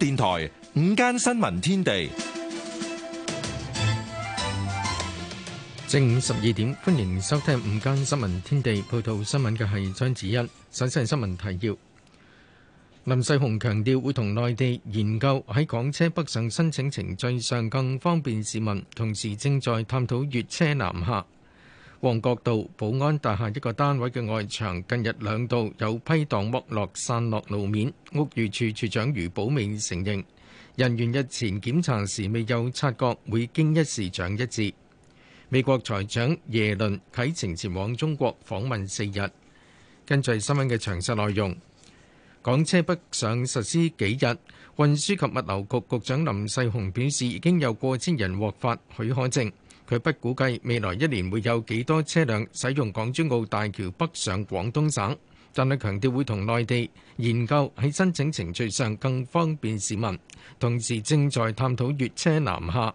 電台午間新聞天地，正午十二點，歡迎收聽午間新聞天地。報道新聞嘅係張子欣，首先係新聞提要。林世雄強調，會同內地研究喺港車北上申請程序上更方便市民，同時正在探討粵車南下。旺角道保安大廈一個單位嘅外牆近日兩度有批盪剝落散落路面，屋宇處處長余寶美承認，人員日前檢查時未有察覺，會經一事長一智。美國財長耶倫啟程前往中國訪問四日。跟住係新聞嘅詳細內容。港車北上實施幾日，運輸及物流局局長林世雄表示，已經有過千人獲發許可證。佢不估計未來一年會有幾多車輛使用港珠澳大橋北上廣東省，但係強調會同內地研究喺申請程序上更方便市民，同時正在探討粵車南下。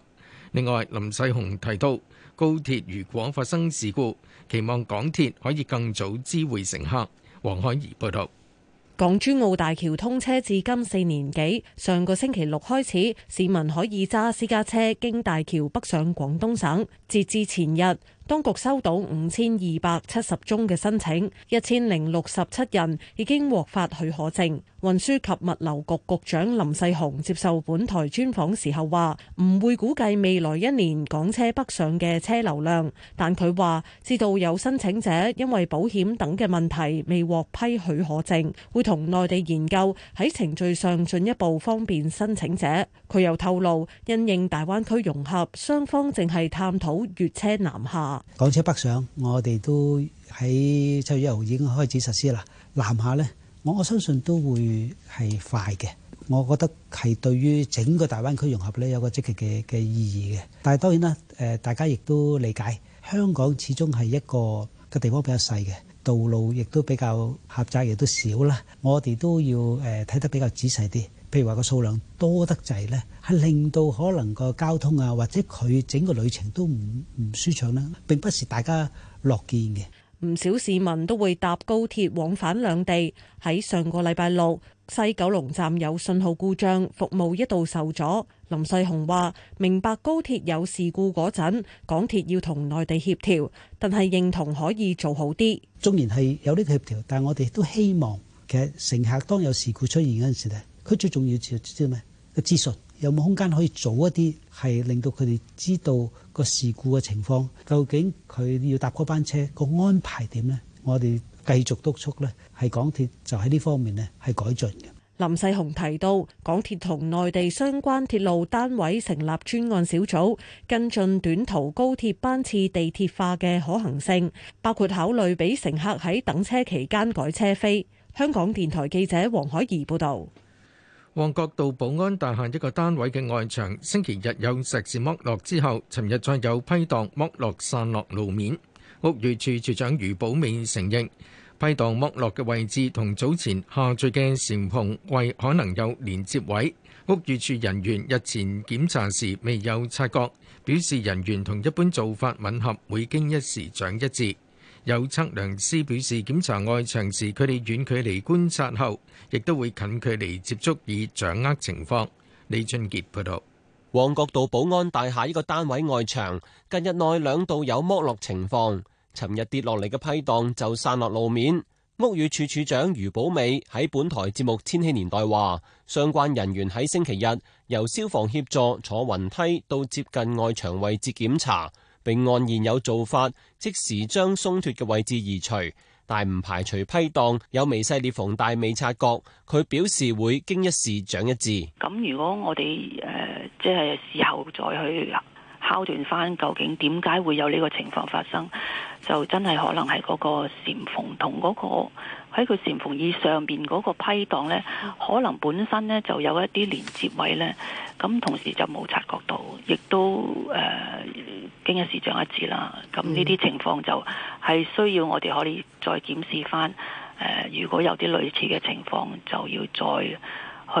另外，林世雄提到，高鐵如果發生事故，期望港鐵可以更早知會乘客。黃海怡報道。港珠澳大橋通車至今四年幾，上個星期六開始，市民可以揸私家車經大橋北上廣東省，截至前日，當局收到五千二百七十宗嘅申請，一千零六十七人已經獲發許可證。運輸及物流局局長林世雄接受本台專訪時候話：唔會估計未來一年港車北上嘅車流量，但佢話知道有申請者因為保險等嘅問題未獲批許可證，會同內地研究喺程序上進一步方便申請者。佢又透露，因應大灣區融合，雙方正係探討粵車南下、港車北上。我哋都喺七月一號已經開始實施啦。南下咧，我相信都會係快嘅。我覺得係對於整個大灣區融合咧有個積極嘅嘅意義嘅。但係當然啦，誒大家亦都理解，香港始終係一個嘅地方比較細嘅道路，亦都比較狹窄，亦都少啦。我哋都要誒睇得比較仔細啲。譬如話個數量多得滯呢，係令到可能個交通啊，或者佢整個旅程都唔唔舒暢啦。並不是大家樂見嘅。唔少市民都會搭高鐵往返兩地。喺上個禮拜六，西九龍站有信號故障，服務一度受阻。林世雄話：明白高鐵有事故嗰陣，港鐵要同內地協調，但係認同可以做好啲。縱然係有啲協調，但係我哋都希望其實乘客當有事故出現嗰陣時咧。佢最重要知知咩嘅資訊，有冇空間可以早一啲，係令到佢哋知道個事故嘅情況，究竟佢要搭嗰班車個安排點咧？我哋繼續督促咧，係港鐵就喺呢方面咧係改進嘅。林世雄提到，港鐵同內地相關鐵路單位成立專案小組，跟進短途高鐵班次地鐵化嘅可行性，包括考慮俾乘客喺等車期間改車飛。香港電台記者黃海怡報道。旺角道保安大廈一個單位嘅外牆星期日有石屎剝落之後，尋日再有批盪剝落散落路面。屋宇署署長余寶美承認批盪剝落嘅位置同早前下墜嘅簷篷位可能有連接位。屋宇署人員日前檢查時未有察覺，表示人員同一般做法吻合，會經一時長一致。有測量師表示，檢查外牆時，佢哋遠距離觀察後，亦都會近距離接觸以掌握情況。李俊傑報導。旺角道保安大廈一個單位外牆，近日內兩度有剝落情況。尋日跌落嚟嘅批檔就散落路面。屋宇署署長余寶美喺本台節目《千禧年代》話，相關人員喺星期日由消防協助坐雲梯到接近外牆位置檢查。並按現有做法，即時將鬆脱嘅位置移除，但唔排除批檔有微細裂縫，大未察覺。佢表示會經一事長一智。咁如果我哋誒即係事後再去敲斷翻，究竟點解會有呢個情況發生，就真係可能係嗰個蟬縫同嗰個。喺佢禪縫以上邊嗰個批盪咧，可能本身咧就有一啲連接位咧，咁同時就冇察覺到，亦都誒、呃、經一事長一智啦。咁呢啲情況就係需要我哋可以再檢視翻。誒、呃，如果有啲類似嘅情況，就要再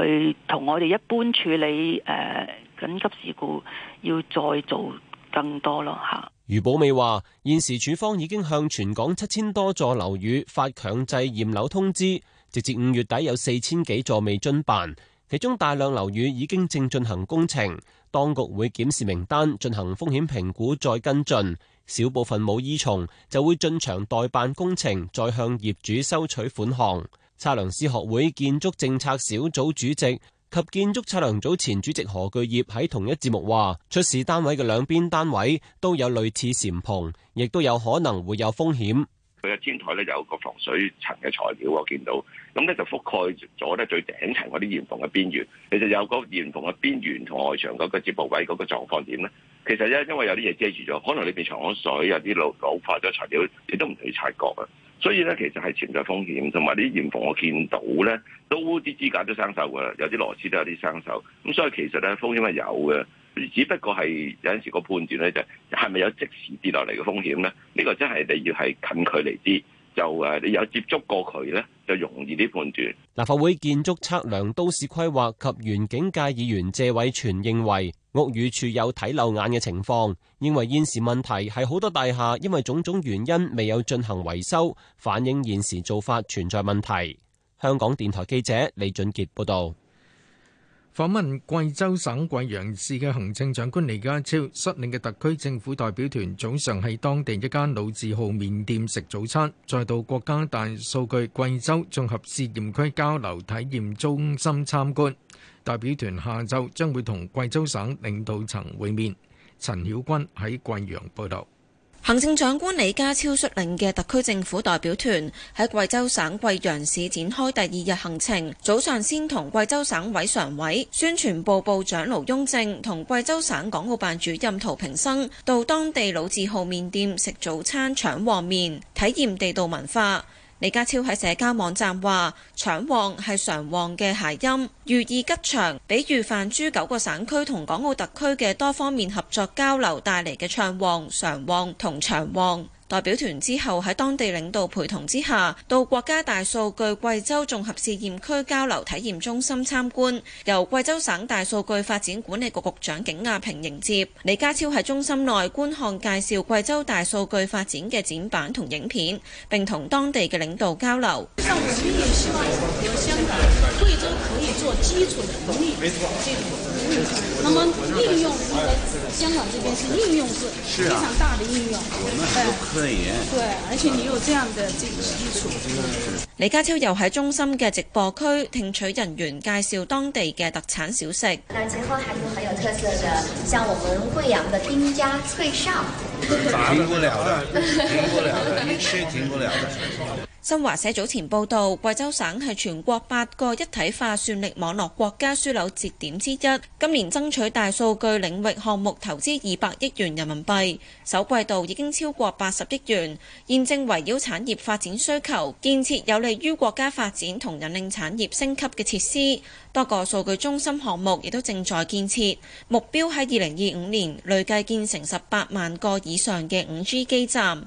去同我哋一般處理。誒、呃，緊急事故要再做。更多咯嚇，余寶美話現時署方已經向全港七千多座樓宇發強制驗樓通知，直至五月底有四千幾座未遵辦，其中大量樓宇已經正進行工程，當局會檢視名單進行風險評估再跟進，小部分冇依從就會進場代辦工程，再向業主收取款項，測量師學會建築政策小組主席及建築測量組前主席何巨業喺同一節目話：出事單位嘅兩邊單位都有類似簷篷，亦都有可能會有風險。嘅天台咧有個防水層嘅材料，我見到，咁咧就覆蓋咗咧最頂層嗰啲簷篷嘅邊緣，其實有個簷篷嘅邊緣同外牆嗰個接部位嗰個狀況點咧？其實咧因為有啲嘢遮住咗，可能裏邊藏咗水，有啲老化咗材料，你都唔使察覺啊！所以咧其實係潛在風險，同埋啲簷篷我見到咧都啲支架都生鏽噶啦，有啲螺絲都有啲生鏽，咁所以其實咧風險係有嘅。只不過係有陣時個判斷呢，就係咪有即時跌落嚟嘅風險呢？呢個真係你要係近距離啲，就誒你有接觸過佢呢，就容易啲判斷。立法會建築測量都市規劃及園境界議員謝偉全認為，屋宇署有睇漏眼嘅情況，認為現時問題係好多大廈因為種種原因未有進行維修，反映現時做法存在問題。香港電台記者李俊傑報道。訪問貴州省貴陽市嘅行政長官李家超，率領嘅特區政府代表團早上喺當地一間老字號麵店食早餐，再到國家大數據貴州綜合試驗區交流體驗中心參觀。代表團下晝將會同貴州省領導層會面。陳曉君喺貴陽報道。行政長官李家超率領嘅特區政府代表團喺貴州省貴陽市展開第二日行程，早上先同貴州省委常委、宣傳部部長盧雍正同貴州省港澳辦主任陶平生到當地老字號麵店食早餐腸旺麵，體驗地道文化。李家超喺社交網站話：腸旺係常旺嘅諧音，寓意吉祥。比喻泛珠九個省區同港澳特區嘅多方面合作交流帶嚟嘅暢旺、常旺同腸旺。代表團之後喺當地領導陪同之下，到國家大數據貴州綜合試驗區交流體驗中心參觀，由貴州省大數據發展管理局局長景亞平迎接。李家超喺中心內觀看介紹貴州大數據發展嘅展板同影片，並同當地嘅領導交流。 沒錯運，那麼應用呢？香港這邊是應用是非常大的應用。對，嗯、而且你有這樣的、啊嗯、這個基礎。Wah、李家超又喺中心嘅直播區聽取人員介紹當地嘅特產小食。那前方還有很有特色的，像我們貴陽的丁家脆哨，停不了啦，停不了啦，是停不了。新華社早前報道，貴州省係全國八個一體化算力網絡國家樞紐節點之一。今年爭取大數據領域項目投資二百億元人民幣，首季度已經超過八十億元。現正圍繞產業發展需求，建設有利於國家發展同引領產業升級嘅設施。多個數據中心項目亦都正在建設，目標喺二零二五年累計建成十八萬個以上嘅五 G 基站。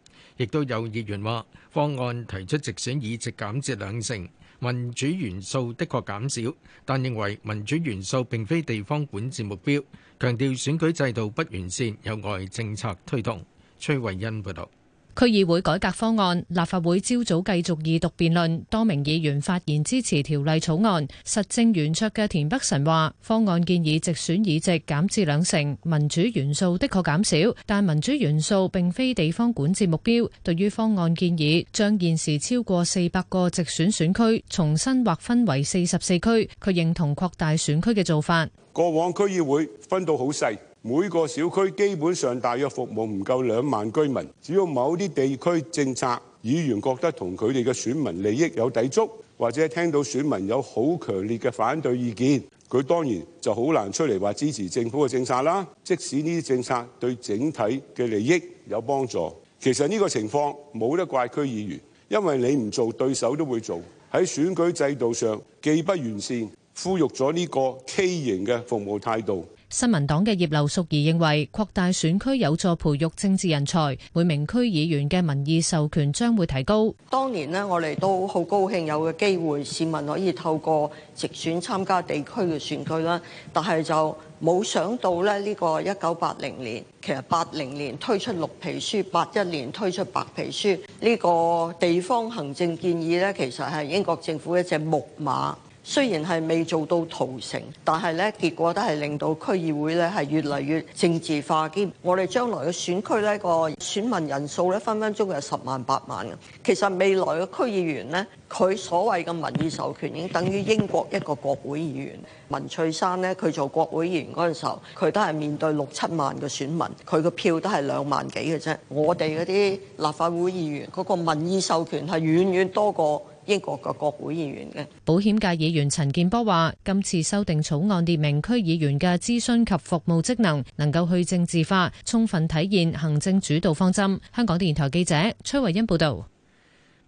亦都有議員話，方案提出直選議席減至兩成，民主元素的確減少，但認為民主元素並非地方管治目標，強調選舉制度不完善，有礙政策推動。崔慧欣報導。區議會改革方案，立法會朝早繼續二讀辯論，多名議員發言支持條例草案。實政圓桌嘅田北辰話：方案建議直選議席減至兩成，民主元素的確減少，但民主元素並非地方管治目標。對於方案建議，將現時超過四百個直選選區重新劃分為四十四區，佢認同擴大選區嘅做法。過往區議會分到好細。每個小區基本上大約服務唔夠兩萬居民，只要某啲地區政策，議員覺得同佢哋嘅選民利益有抵觸，或者聽到選民有好強烈嘅反對意見，佢當然就好難出嚟話支持政府嘅政策啦。即使呢啲政策對整體嘅利益有幫助，其實呢個情況冇得怪區議員，因為你唔做，對手都會做。喺選舉制度上，既不完善，孕育咗呢個畸形嘅服務態度。新民黨嘅葉劉淑儀認為擴大選區有助培育政治人才，每名區議員嘅民意授權將會提高。當年呢，我哋都好高興有嘅機會，市民可以透過直選參加地區嘅選舉啦。但係就冇想到咧，呢個一九八零年，其實八零年推出綠皮書，八一年推出白皮書，呢個地方行政建議呢，其實係英國政府一隻木馬。雖然係未做到屠城，但係呢，結果都係令到區議會呢，係越嚟越政治化。我哋將來嘅選區呢，個選民人數呢，分分鐘有十萬八萬。其實未來嘅區議員呢，佢所謂嘅民意授權已經等於英國一個國會議員。文翠珊呢，佢做國會議員嗰陣時候，佢都係面對六七萬嘅選民，佢嘅票都係兩萬幾嘅啫。我哋嗰啲立法會議員嗰個民意授權係遠遠多過。英國各國會議員。保險界議員陳健波話：今次修訂草案列明區議員嘅諮詢及服務職能，能夠去政治化，充分體現行政主導方針。香港電台記者崔慧恩報道。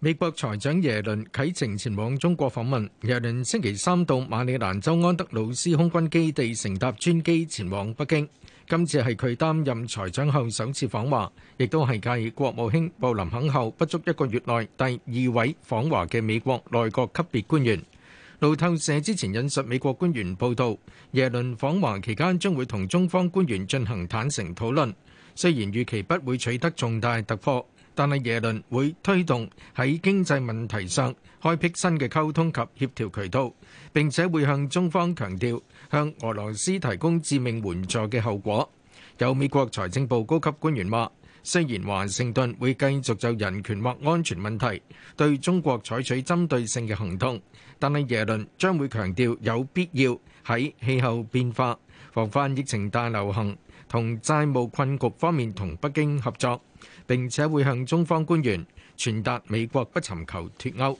美國財長耶倫啟程前往中國訪問。耶倫星期三到馬里蘭州安德魯斯空軍基地，乘搭專機前往北京。今次係佢擔任財長後首次訪華，亦都係繼國務卿布林肯後不足一個月內第二位訪華嘅美國內閣級別官員。路透社之前引述美國官員報道，耶倫訪華期間將會同中方官員進行坦誠討論。雖然預期不會取得重大突破，但係耶倫會推動喺經濟問題上開闢新嘅溝通及協調渠道，並且會向中方強調向俄羅斯提供致命援助嘅後果，有美國財政部高級官員話：雖然華盛頓會繼續就人權或安全問題對中國採取針對性嘅行動，但係耶倫將會強調有必要喺氣候變化、防範疫情大流行同債務困局方面同北京合作，並且會向中方官員傳達美國不尋求脱歐。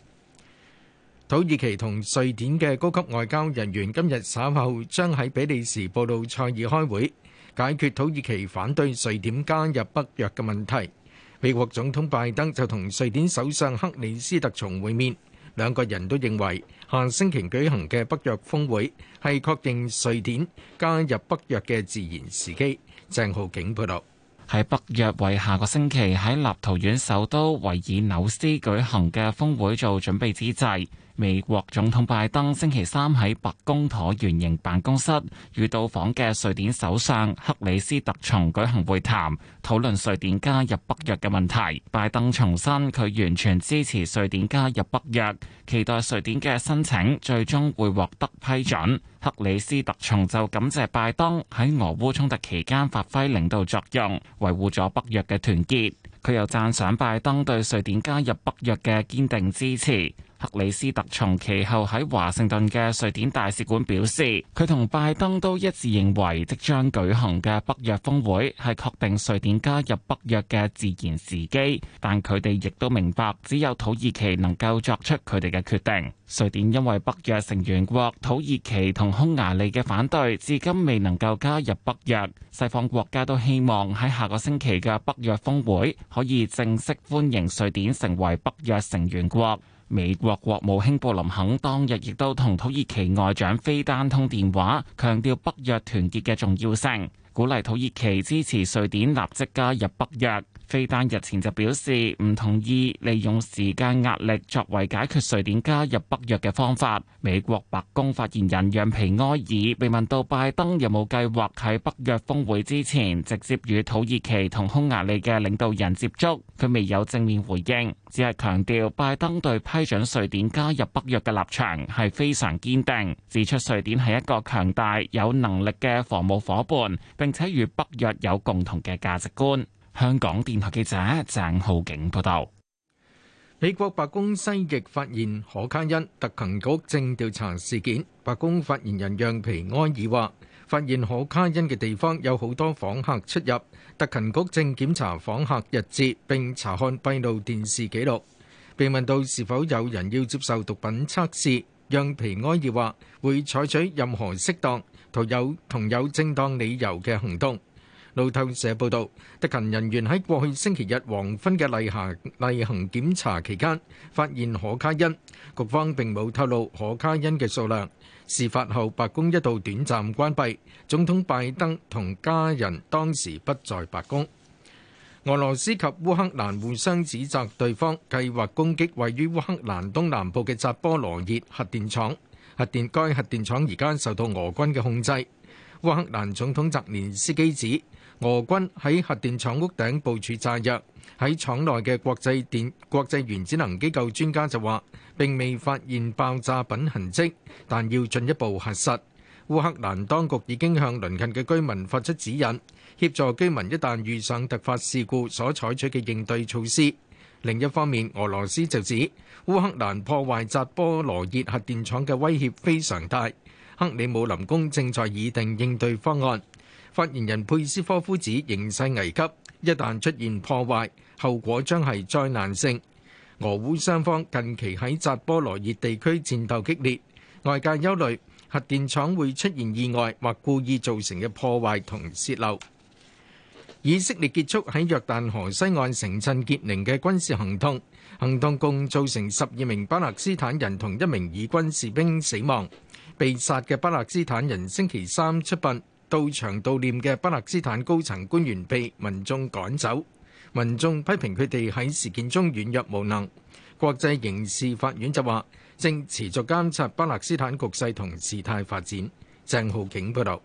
土耳其同瑞典嘅高級外交人員今日稍後將喺比利時布魯塞爾開會，解決土耳其反對瑞典加入北約嘅問題。美國總統拜登就同瑞典首相克里斯特松會面，兩個人都認為下星期舉行嘅北約峯會係確認瑞典加入北約嘅自然時機。鄭浩景報導，喺北約為下個星期喺立陶宛首都維爾紐斯舉行嘅峯會做準備之際。美國總統拜登星期三喺白宮橢圓形辦公室與到訪嘅瑞典首相克里斯特松舉行會談，討論瑞典加入北約嘅問題。拜登重申佢完全支持瑞典加入北約，期待瑞典嘅申請最終會獲得批准。克里斯特松就感謝拜登喺俄烏衝突期間發揮領導作用，維護咗北約嘅團結。佢又贊賞拜登對瑞典加入北約嘅堅定支持。克里斯特松其後喺華盛頓嘅瑞典大使館表示，佢同拜登都一致認為，即將舉行嘅北約峰會係確定瑞典加入北約嘅自然時機。但佢哋亦都明白，只有土耳其能夠作出佢哋嘅決定。瑞典因為北約成員國土耳其同匈牙利嘅反對，至今未能夠加入北約。西方國家都希望喺下個星期嘅北約峰會可以正式歡迎瑞典成為北約成員國。美國國務卿布林肯當日亦都同土耳其外長菲丹通電話，強調北約團結嘅重要性，鼓勵土耳其支持瑞典立即加入北約。菲丹日前就表示唔同意利用時間壓力作為解決瑞典加入北約嘅方法。美國白宮發言人讓皮埃爾被問到拜登有冇計劃喺北約峰會之前直接與土耳其同匈牙利嘅領導人接觸，佢未有正面回應，只係強調拜登對批准瑞典加入北約嘅立場，係非常堅定，指出瑞典係一個強大有能力嘅防務夥伴，並且與北約有共同嘅價值觀。香港電台記者鄭浩景報道：美國白宮西翼發現可卡因，特勤局正調查事件。白宮發言人讓皮埃爾話：發現可卡因嘅地方有好多訪客出入，特勤局正檢查訪客日誌，並查看閉路電視記錄。被問到是否有人要接受毒品測試，讓皮埃爾話會採取任何適當、同有同有正當理由嘅行動。路透社報導，特勤人員喺過去星期日黃昏嘅例行例行檢查期間，發現可卡因。局方並冇透露可卡因嘅數量。事發後，白宮一度短暫關閉，總統拜登同家人當時不在白宮。俄羅斯及烏克蘭互相指責對方計劃攻擊位於烏克蘭東南部嘅扎波羅熱核電廠。核電該核電廠而家受到俄軍嘅控制。烏克蘭總統澤連斯基指，俄軍喺核電廠屋頂部署炸藥，喺廠內嘅國際電國際原子能機構專家就話，並未發現爆炸品痕跡，但要進一步核實。烏克蘭當局已經向鄰近嘅居民發出指引，協助居民一旦遇上突發事故所採取嘅應對措施。另一方面，俄羅斯就指，烏克蘭破壞扎波羅熱核電廠嘅威脅非常大，克里姆林宮正在擬定應對方案。發言人佩斯科夫指形勢危急，一旦出現破壞，後果將係災難性。俄烏雙方近期喺扎波羅熱地區戰鬥激烈，外界憂慮核電廠會出現意外或故意造成嘅破壞同洩漏。以色列結束喺約旦河西岸城鎮傑寧嘅軍事行動，行動共造成十二名巴勒斯坦人同一名以軍士兵死亡。被殺嘅巴勒斯坦人星期三出殯。到場悼念嘅巴勒斯坦高層官員被民眾趕走，民眾批評佢哋喺事件中軟弱無能。國際刑事法院就話，正持續監察巴勒斯坦局勢同事態發展。鄭浩景報道。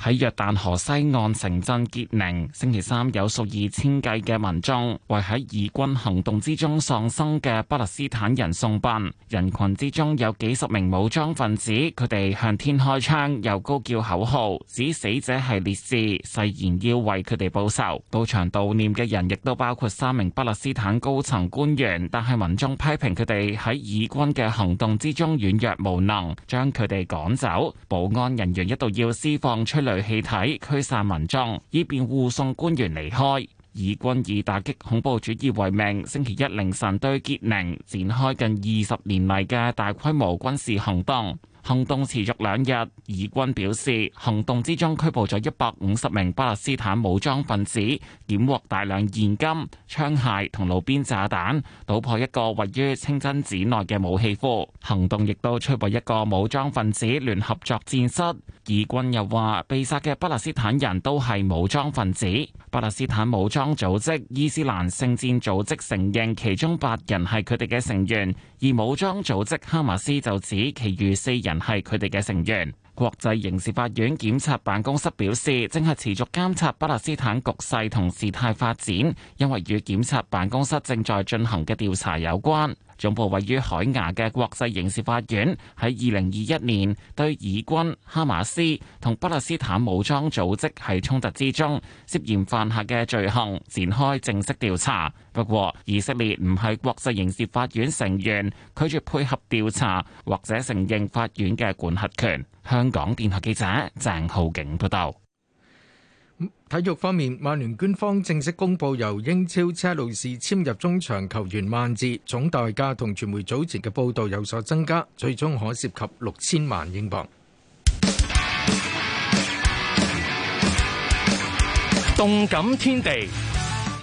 喺約旦河西岸城鎮傑寧，星期三有數以千計嘅民眾為喺以軍行動之中喪生嘅巴勒斯坦人送殯，人群之中有幾十名武裝分子，佢哋向天開槍，又高叫口號，指死者係烈士，誓言要為佢哋報仇。到場悼念嘅人亦都包括三名巴勒斯坦高層官員，但係民眾批評佢哋喺以軍嘅行動之中軟弱無能，將佢哋趕走。保安人員一度要施放出.雷氣體驅散民眾，以便護送官員離開。以軍以打擊恐怖主義為名，星期一凌晨對傑寧展開近二十年嚟嘅大規模軍事行動。行動持續兩日，以軍表示行動之中拘捕咗一百五十名巴勒斯坦武裝分子，檢獲大量現金、槍械同路邊炸彈，搗破一個位於清真寺內嘅武器庫。行動亦都摧毀一個武裝分子聯合作戰室。以軍又話，被殺嘅巴勒斯坦人都係武裝分子。巴勒斯坦武裝組織伊斯蘭聖戰組織承認其中八人係佢哋嘅成員，而武裝組織哈馬斯就指，其餘四人係佢哋嘅成員。國際刑事法院檢察辦公室表示，正係持續監察巴勒斯坦局勢同事態發展，因為與檢察辦公室正在進行嘅調查有關。總部位於海牙嘅國際刑事法院喺二零二一年對以軍、哈馬斯同巴勒斯坦武裝組織喺衝突之中涉嫌犯下嘅罪行展開正式調查。不過，以色列唔係國際刑事法院成員，拒絕配合調查或者承認法院嘅管轄權。香港電台記者鄭浩景報道。體育方面，曼聯官方正式公布由英超車路士簽入中場球員萬字，總代價同傳媒早前嘅報道有所增加，最終可涉及六千萬英鎊。動感天地，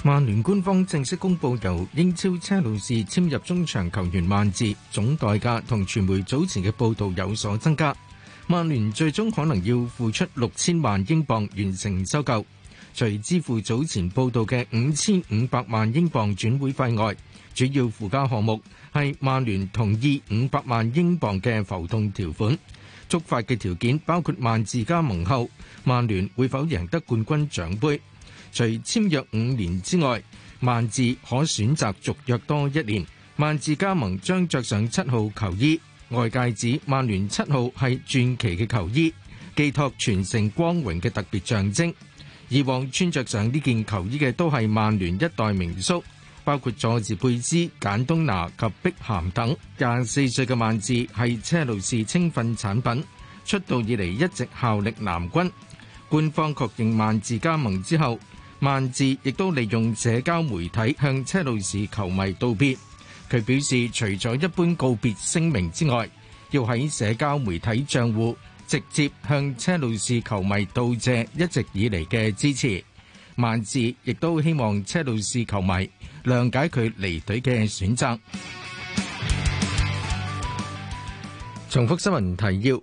曼聯官方正式公布由英超車路士簽入中場球員萬字，總代價同傳媒早前嘅報道有所增加。曼聯最終可能要付出六千萬英鎊完成收購，除支付早前報道嘅五千五百萬英鎊轉會費外，主要附加項目係曼聯同意五百萬英鎊嘅浮動條款，觸發嘅條件包括萬字加盟後曼聯會否贏得冠軍獎杯。除簽約五年之外，萬字可選擇續約多一年。萬字加盟將着上七號球衣。外界指曼聯七號係傳奇嘅球衣，寄託全城光榮嘅特別象徵。以往穿着上呢件球衣嘅都係曼聯一代名宿，包括佐治貝斯、簡東拿及碧咸等。廿四歲嘅曼字係車路士青訓產品，出道以嚟一直效力藍軍。官方確認曼字加盟之後，曼字亦都利用社交媒體向車路士球迷道別。佢表示，除咗一般告別聲明之外，要喺社交媒體賬戶直接向車路士球迷道謝一直以嚟嘅支持。萬字亦都希望車路士球迷諒解佢離隊嘅選擇。重複新聞提要：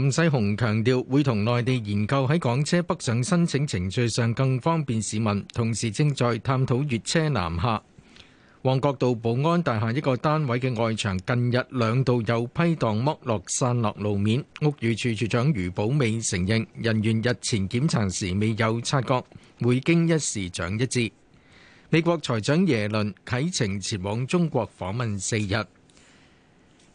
林世雄強調會同內地研究喺港車北上申請程序上更方便市民，同時正在探討粵車南下。旺角道保安大廈一個單位嘅外牆近日兩度有批盪剝落，散落路面，屋宇署署長余寶美承認人員日前檢查時未有察覺，會經一事長一智。美國財長耶倫啟程前往中國訪問四日。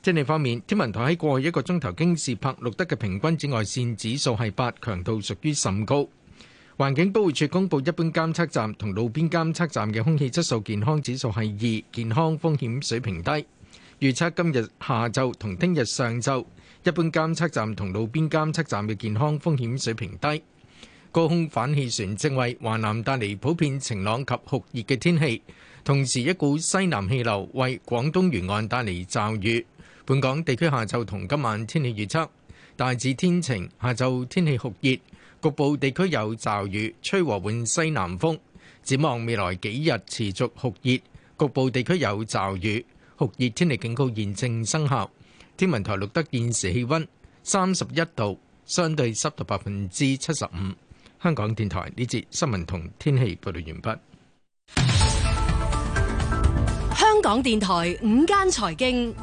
天氣方面，天文台喺過去一個鐘頭京士柏錄得嘅平均紫外線指數係八，強度屬於甚高。環境保護署公布一般監測站同路邊監測站嘅空氣質素健康指數係二，健康風險水平低。預測今日下晝同聽日上晝，一般監測站同路邊監測站嘅健康風險水平低。高空反氣旋正為華南帶嚟普遍晴朗及酷熱嘅天氣，同時一股西南氣流為廣東沿岸帶嚟驟雨。本港地區下晝同今晚天氣預測大致天晴，下晝天氣酷熱，局部地區有驟雨，吹和緩西南風。展望未來幾日持續酷熱，局部地區有驟雨。酷熱天氣警告現正生效。天文台錄得現時氣温三十一度，相對濕度百分之七十五。香港電台呢節新聞同天氣報道完畢。香港電台午間財經。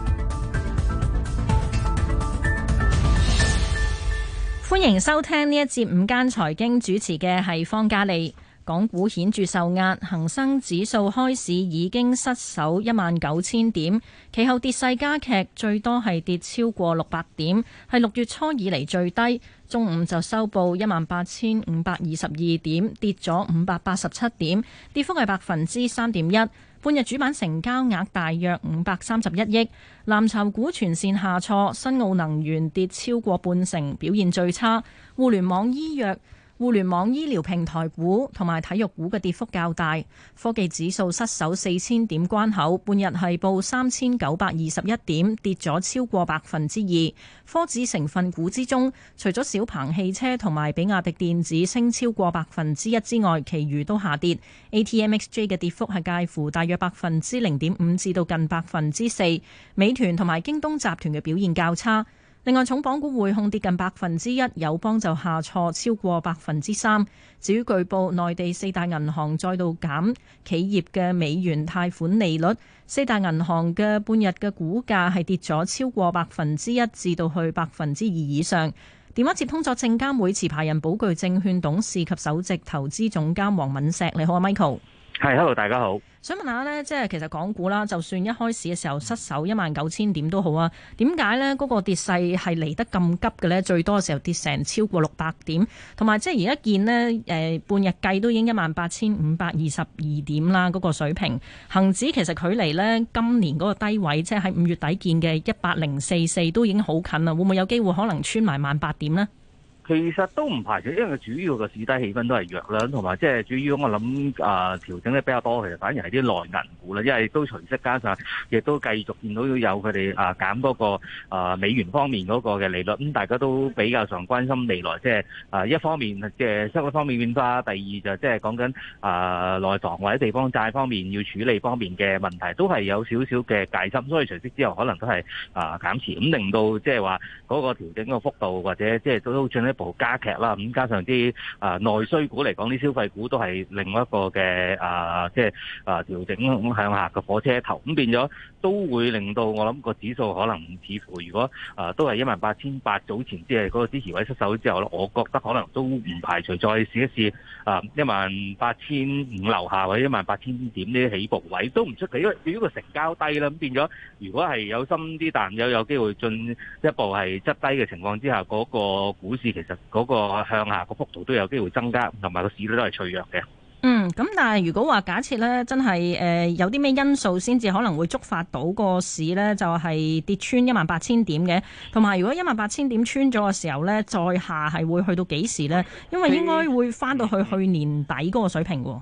歡迎收聽呢一節午間財經主持嘅係方嘉利。港股顯著受壓，恒生指數開市已經失守一萬九千點，其後跌勢加劇，最多係跌超過六百點，係六月初以嚟最低。中午就收報一萬八千五百二十二點，跌咗五百八十七點，跌幅係百分之三點一。半日主板成交額大約五百三十一億，藍籌股全線下挫，新奧能源跌超過半成，表現最差。互聯網醫藥互聯網醫療平台股同埋體育股嘅跌幅較大，科技指數失守四千點關口，半日係報三千九百二十一點，跌咗超過百分之二。科指成分股之中，除咗小鵬汽車同埋比亞迪電子升超過百分之一之外，其餘都下跌。ATMXJ 嘅跌幅係介乎大約百分之零點五至到近百分之四。美團同埋京東集團嘅表現較差。另外，重磅股匯控跌近百分之一，友邦就下挫超過百分之三。至於據報，內地四大銀行再度減企業嘅美元貸款利率，四大銀行嘅半日嘅股價係跌咗超過百分之一，至到去百分之二以上。電話接通咗，證監會持牌人寶具證券董事及首席投資總監黃敏石，你好啊，Michael。係，hello，大家好。想問下呢，即係其實港股啦，就算一開始嘅時候失守一萬九千點都好啊。點解呢？嗰個跌勢係嚟得咁急嘅呢？最多嘅時候跌成超過六百點，同埋即係而家見呢，誒、呃，半日計都已經一萬八千五百二十二點啦。嗰、嗰個水平恒指其實距離呢今年嗰個低位，即係喺五月底見嘅一百零四四都已經好近啦。會唔會有機會可能穿埋萬八點呢？其實都唔排除，因為主要個市低氣氛都係弱啦，同埋即係主要我諗啊、呃、調整得比較多，其實反而係啲內銀股啦，因為都除息加上亦都繼續見到要有佢哋啊減嗰個啊、呃、美元方面嗰個嘅利率，咁、嗯、大家都比較常關心未來即係啊一方面嘅息率方面變化，第二就即係講緊啊內房或者地方債方面要處理方面嘅問題，都係有少少嘅戒心，所以除息之後可能都係啊、呃、減持，咁、嗯、令到即係話嗰個調整嘅幅度或者即係都進一加劇啦，咁加上啲啊內需股嚟講，啲消費股都係另外一個嘅啊，即係啊調整向下個火車頭，咁變咗都會令到我諗個指數可能，似乎如果啊都係一萬八千八早前即係嗰個支持位失守之後咧，我覺得可能都唔排除再試一試啊一萬八千五樓下或者一萬八千點呢啲起步位都唔出奇，因為如果個成交低啦，咁變咗如果係有心啲，但有有機會進一步係質低嘅情況之下，嗰個股市。其實嗰個向下個幅度都有機會增加，同埋個市率都係脆弱嘅。嗯，咁但係如果話假設呢，真係誒有啲咩因素先至可能會觸發到個市呢？就係跌穿一萬八千點嘅。同埋如果一萬八千點穿咗嘅時候呢，再下係會去到幾時呢？因為應該會返到去去年底嗰個水平嘅。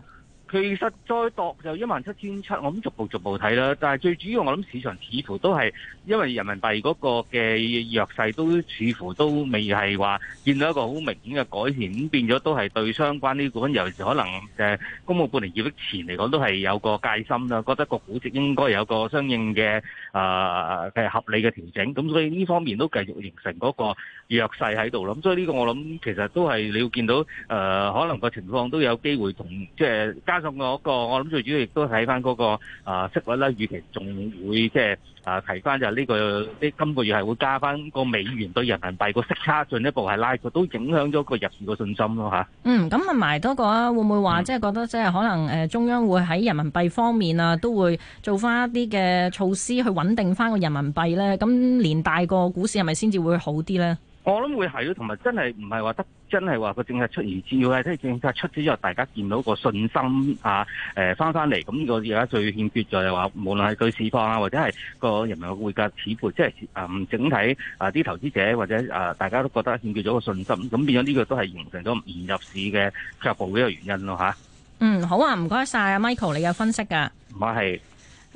其實再度就一萬七千七，我諗逐步逐步睇啦。但係最主要，我諗市場似乎都係因為人民幣嗰個嘅弱勢都似乎都未係話見到一個好明顯嘅改善，咁變咗都係對相關呢啲股，尤其可能誒公佈半年業績前嚟講，都係有個戒心啦，覺得個估值應該有個相應嘅啊嘅合理嘅調整。咁所以呢方面都繼續形成嗰個弱勢喺度啦。咁所以呢個我諗其實都係你要見到誒、呃，可能個情況都有機會同即係加上嗰個，我諗最主要亦都睇翻嗰個啊息率啦。預期仲會即係啊提翻就呢個呢今個月係會加翻個美元對人民幣個息差進一步係拉過，都影響咗個入市個信心咯吓，嗯，咁問埋多個啊，會唔會話即係覺得即係可能誒中央會喺人民幣方面啊都會做翻一啲嘅措施去穩定翻個人民幣咧？咁連帶個股市係咪先至會好啲咧？我諗會係咯，同埋真係唔係話得，真係話個政策出完之後咧，即係政策出之後，大家見到個信心啊，誒翻翻嚟，咁個而家最欠缺就係話，無論係對市況啊，或者係個人民嘅匯價，似乎即係誒、嗯、整體啊啲投資者或者誒、啊、大家都覺得欠缺咗個信心，咁變咗呢個都係形成咗唔入市嘅腳步嘅一個原因咯，吓、啊。嗯，好啊，唔該晒阿 Michael，你有分析噶。唔係。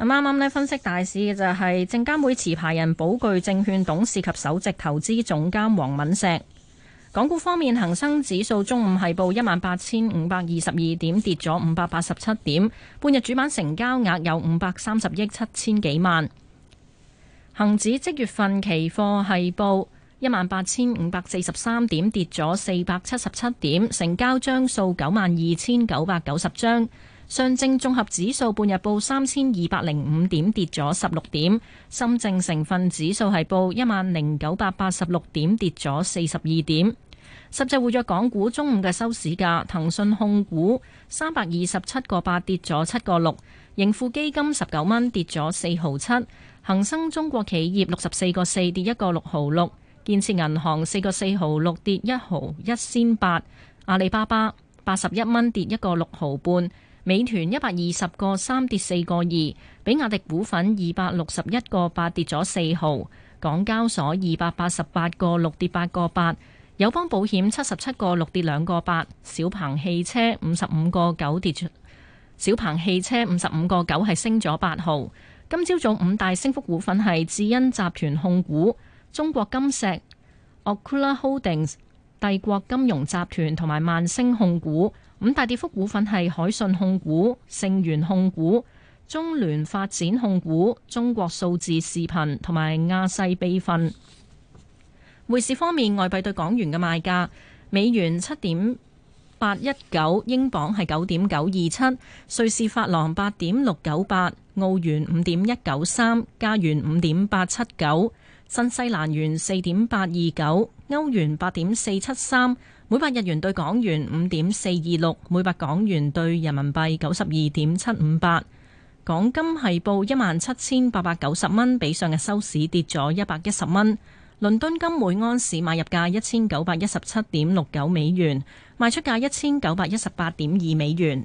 啱啱呢，分析大市嘅就係證監會持牌人寶鉅證券董事及首席投資總監黃敏碩。港股方面，恒生指數中午係報一萬八千五百二十二點，跌咗五百八十七點。半日主板成交額有五百三十億七千幾萬。恒指即月份期貨係報一萬八千五百四十三點，跌咗四百七十七點，成交張數九萬二千九百九十張。上證綜合指數半日報三千二百零五點，跌咗十六點。深證成分指數係報一萬零九百八十六點，跌咗四十二點。十隻活躍港股中午嘅收市價，騰訊控股三百二十七個八，跌咗七個六；盈富基金十九蚊，跌咗四毫七；恒生中國企業六十四個四，跌一個六毫六；建設銀行四個四毫六，跌一毫一仙八；阿里巴巴八十一蚊，跌一個六毫半。美團一百二十個三跌四個二，比亞迪股份二百六十一個八跌咗四毫，港交所二百八十八個六跌八個八，友邦保險七十七個六跌兩個八，小鵬汽車五十五個九跌，小鵬汽車五十五個九係升咗八毫。今朝早五大升幅股份係智恩集團控股、中國金石、Ocula Holdings、帝國金融集團同埋萬星控股。五大跌幅股份係海信控股、盛源控股、中聯發展控股、中國數字視頻同埋亞西微份。匯市方面，外幣對港元嘅賣價：美元七點八一九，英鎊係九點九二七，瑞士法郎八點六九八，澳元五點一九三，加元五點八七九，新西蘭元四點八二九，歐元八點四七三。每百日元兌港元五點四二六，每百港元兌人民幣九十二點七五八。港金係報一萬七千八百九十蚊，比上日收市跌咗一百一十蚊。倫敦金每盎司買入價一千九百一十七點六九美元，賣出價一千九百一十八點二美元。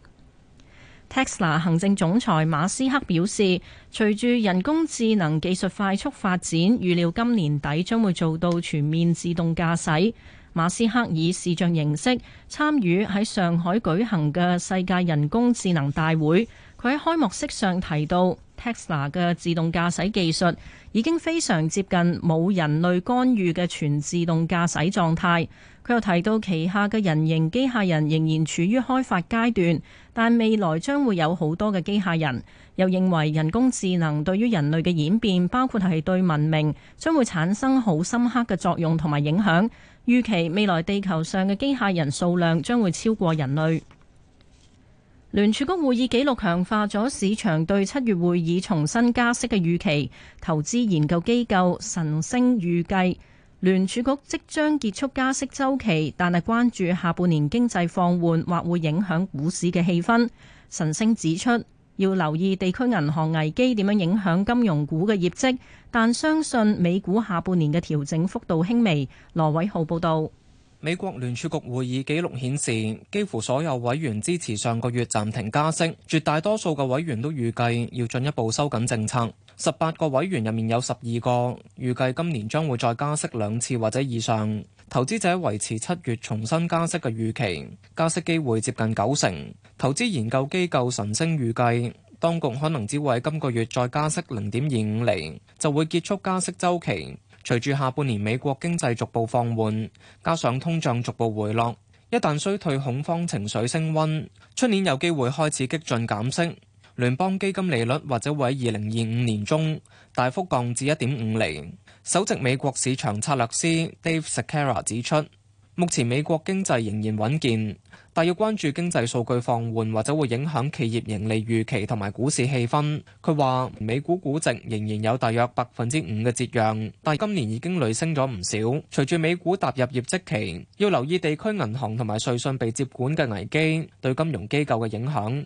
Tesla 行政總裁馬斯克表示，隨住人工智能技術快速發展，預料今年底將會做到全面自動駕駛。馬斯克以視像形式參與喺上海舉行嘅世界人工智能大會。佢喺開幕式上提到，Tesla 嘅自動駕駛技術已經非常接近冇人類干預嘅全自動駕駛狀態。佢又提到，旗下嘅人形機械人仍然處於開發階段，但未來將會有好多嘅機械人。又認為人工智能對於人類嘅演變，包括係對文明，將會產生好深刻嘅作用同埋影響。預期未來地球上嘅機械人數量將會超過人類。聯儲局會議記錄強化咗市場對七月會議重新加息嘅預期。投資研究機構晨星預計，聯儲局即將結束加息周期，但係關注下半年經濟放緩或會影響股市嘅氣氛。晨星指出，要留意地區銀行危機點樣影響金融股嘅業績，但相信美股下半年嘅調整幅度輕微。羅偉浩報道，美國聯儲局會議記錄顯示，幾乎所有委員支持上個月暫停加息，絕大多數嘅委員都預計要進一步收緊政策。十八個委員入面有十二個預計今年將會再加息兩次或者以上。投資者維持七月重新加息嘅預期，加息機會接近九成。投資研究機構晨星預計，當局可能只會今個月再加息零點二五厘，就會結束加息周期。隨住下半年美國經濟逐步放緩，加上通脹逐步回落，一旦衰退恐慌情緒升温，出年有機會開始激進減息，聯邦基金利率或者會喺二零二五年中大幅降至一點五厘。首席美國市場策略師 Dave Sekera 指出，目前美國經濟仍然穩健，但要關注經濟數據放緩或者會影響企業盈利預期同埋股市氣氛。佢話：美股估值仍然有大約百分之五嘅折讓，但今年已經累升咗唔少。隨住美股踏入業績期，要留意地區銀行同埋瑞信被接管嘅危機對金融機構嘅影響。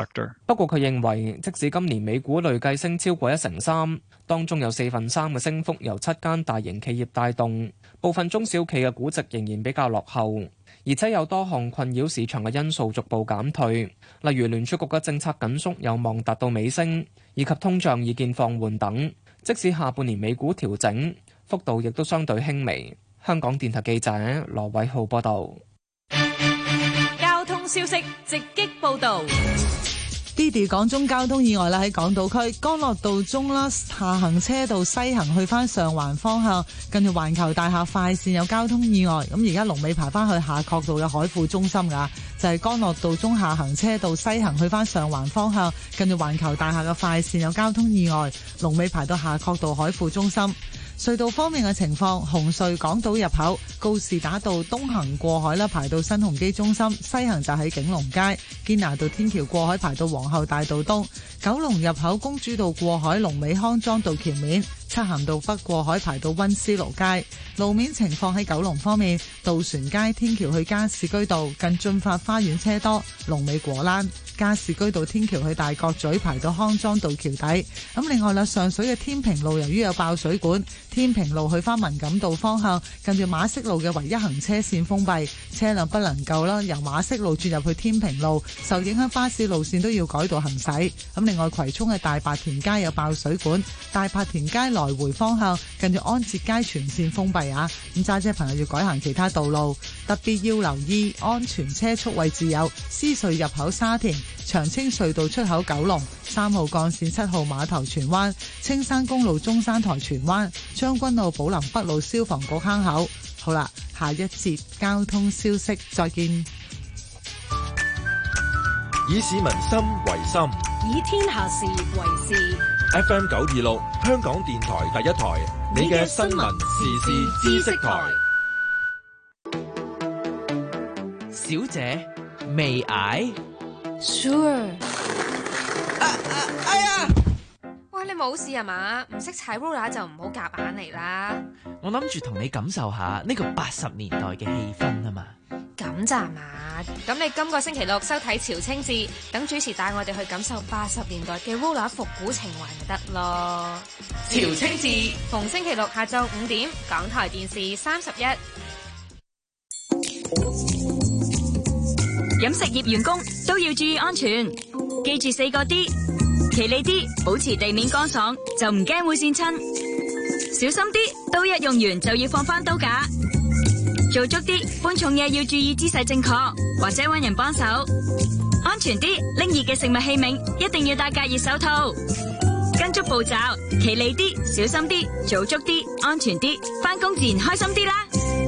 不過佢認為，即使今年美股累計升超過一成三，當中有四分三嘅升幅由七間大型企業帶動，部分中小企嘅估值仍然比較落後，而且有多項困擾市場嘅因素逐步減退，例如聯儲局嘅政策緊縮有望達到尾聲，以及通脹已見放緩等。即使下半年美股調整幅度亦都相對輕微。香港電台記者羅偉浩報道。交通消息直擊報道。呢地港中交通意外啦，喺港島區干諾道中啦，下行車道西行去翻，上環方向，跟住環球大廈快線有交通意外。咁而家龍尾排翻去夏慤道嘅海富中心噶，就係、是、干諾道中下行車道西行去翻，上環方向，跟住環球大廈嘅快線有交通意外，龍尾排到夏慤道海富中心。隧道方面嘅情況，紅隧港島入口告士打道東行過海啦，排到新鴻基中心；西行就喺景隆街堅拿道天橋過海，排到皇后大道東九龍入口公主道過海，龍尾康莊道橋面漆咸道北過海，排到溫思勞街路面情況喺九龍方面，渡船街天橋去加士居道近駿發花園車多，龍尾果欄。加士居道天橋去大角咀排到康莊道橋底，咁另外啦，上水嘅天平路由於有爆水管，天平路去翻文錦道方向，近住馬適路嘅唯一行車綫封閉，車輛不能夠啦，由馬適路轉入去天平路，受影響巴士路綫都要改道行駛。咁另外葵涌嘅大白田街有爆水管，大白田街來回方向近住安捷街全綫封閉啊！咁揸車朋友要改行其他道路，特別要留意安全車速位置有獅隧入口沙田。長青隧道出口，九龍三號幹線七號碼頭，荃灣青山公路中山台，荃灣將軍澳寶林北路消防局坑口。好啦，下一節交通消息，再見。以市民心為心，以天下事為事。FM 九二六，香港電台第一台，你嘅新聞時事知識台。小姐，微矮。Sure。啊、uh, uh, 哎呀！喂，你冇事啊嘛？唔識踩 roller 就唔好夾硬嚟啦。我諗住同你感受下呢個八十年代嘅氣氛啊嘛。咁咋嘛？咁你今個星期六收睇《朝清志》，等主持帶我哋去感受八十年代嘅 roller 復古情懷咪得咯。《朝清志》逢星期六下晝五點，港台電視三十一。飲食業員工都要注意安全，記住四個啲：其利啲，保持地面乾爽，就唔驚會跣親。小心啲，刀一用完就要放翻刀架。做足啲，搬重嘢，要注意姿勢正確，或者揾人幫手。安全啲，拎熱嘅食物器皿，一定要戴隔熱手套。跟足步驟，其利啲，小心啲，做足啲，安全啲，翻工自然開心啲啦。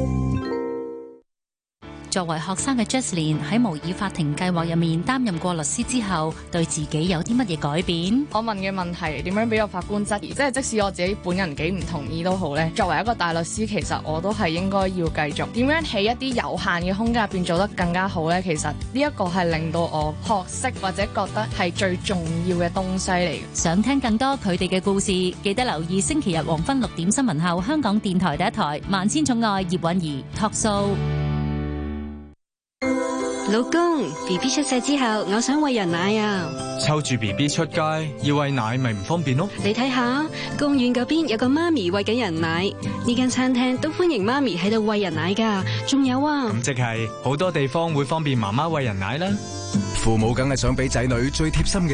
作為學生嘅 Justine 喺模擬法庭計劃入面擔任過律師之後，對自己有啲乜嘢改變？我問嘅問題點樣俾我法官質疑？即係即使我自己本人幾唔同意都好咧。作為一個大律師，其實我都係應該要繼續點樣喺一啲有限嘅空間入邊做得更加好咧。其實呢一個係令到我學識或者覺得係最重要嘅東西嚟。想聽更多佢哋嘅故事，記得留意星期日黃昏六點新聞後，香港電台第一台《萬千寵愛葉韻儀》Talk Show。老公，B B 出世之後，我想餵人奶啊！抽住 B B 出街要餵奶咪唔方便咯。你睇下，公園嗰邊有個媽咪餵緊人奶，呢間餐廳都歡迎媽咪喺度餵人奶噶。仲有啊，咁即係好多地方會方便媽媽餵人奶啦。父母梗係想俾仔女最貼心嘅。